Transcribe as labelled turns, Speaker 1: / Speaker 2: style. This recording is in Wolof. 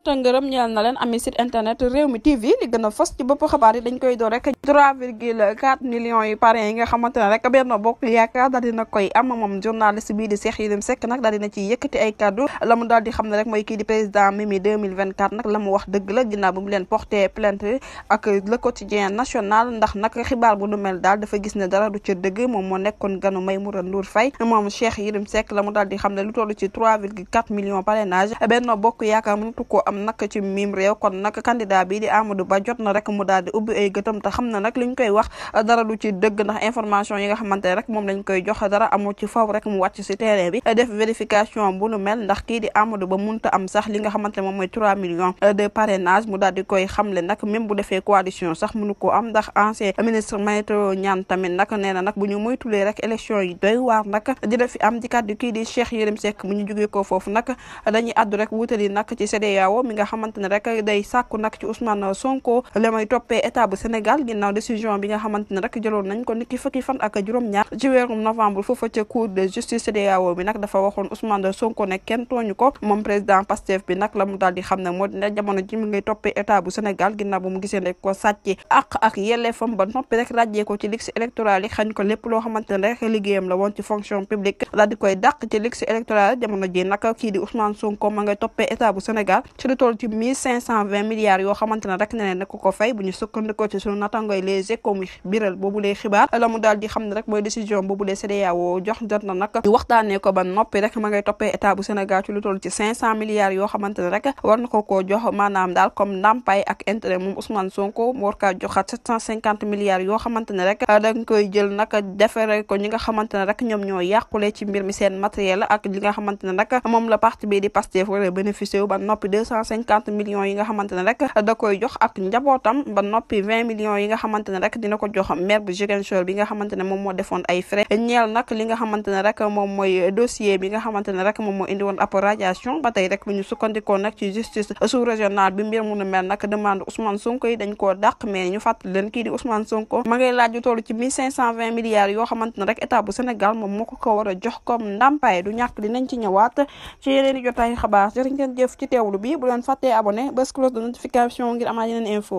Speaker 1: te ngërëm ñeel na leen ami site internet réew mi tv li gën a fës ci bopp xabaar yi dañ koy door rek trois virgule quatre millions yi parrain xam ne rek mooy kii président Mimi 2024 nag la wax dëgg la ginnaaw leen porté plainte ak le quotidien national ndax nag xibaar bu nu mel daal dafa gis ne dara du ci dëgg moom moo nekkoon ganu Maïmouna Ndour Faye moom Cheikh Yérim lu toll am nag ci miim réew kon nag candidat bi di Ba jot na rek mu daal di ay gëtam te xam na nag li koy wax dara du ci dëgg ndax information yi nga xamante ne rek moom lañ koy jox dara amul ci faw rek am sax li nga xamante ne moom mooy 3 millions de parrainage mu daal di koy xamle nag même bu defee coalition sax mënu ko am ndax ancien ministre Maître Niane tamit nag nee na nag bu rek élection yi doy waar nag dina fi am di kàddu kii di Cheikh Diao mi nga xamante rek day sàkku nag ci Ousmane Sonko la may toppee état bu Sénégal ginnaaw décision bi rek ko niki fukki ak juróom-ñaar ba noppi rek ràjjee ko ci liste électorale yi xañ ko lépp loo xamante ne Sonko ma ngay toppee état bu Sénégal lu ci milliards yoo xamante rek ne ko ko fay bu ñu ci sunu nattangooy les éco mi biral xibaar la mu daal di rek milliards yoo xamante rek war daal da nga koy jël nag defere ko ñi nga rek ñoom ñoo yàqule ci mbir mi seen matériel ak li nga rek moom la parti bi di Pastef wala bénéficié ba noppi cinquante millions yi nga xamante rek da koy jox ak njabootam dina ko jox maire bu Ziguinchor bi moo defoon ay frais ñeel nag li nga xamante rek moom mooy dossier bi nga xamante rek moom moo indi woon radiation ba rek bu ñu sukkandikoo nag ci justice yi dañ koo dàq mais ñu leen kii di Ousmane Sonko laaj toll ci mille cinq cent vingt milliards yoo xamante rek état bu Sénégal moom moo ko ko a jox comme ndàmpaay du ñàkk ci ñëwaat ci yeneen jotaay xabaar jërë leen fàttee abonné bés close de notification ngir amaat yeneen info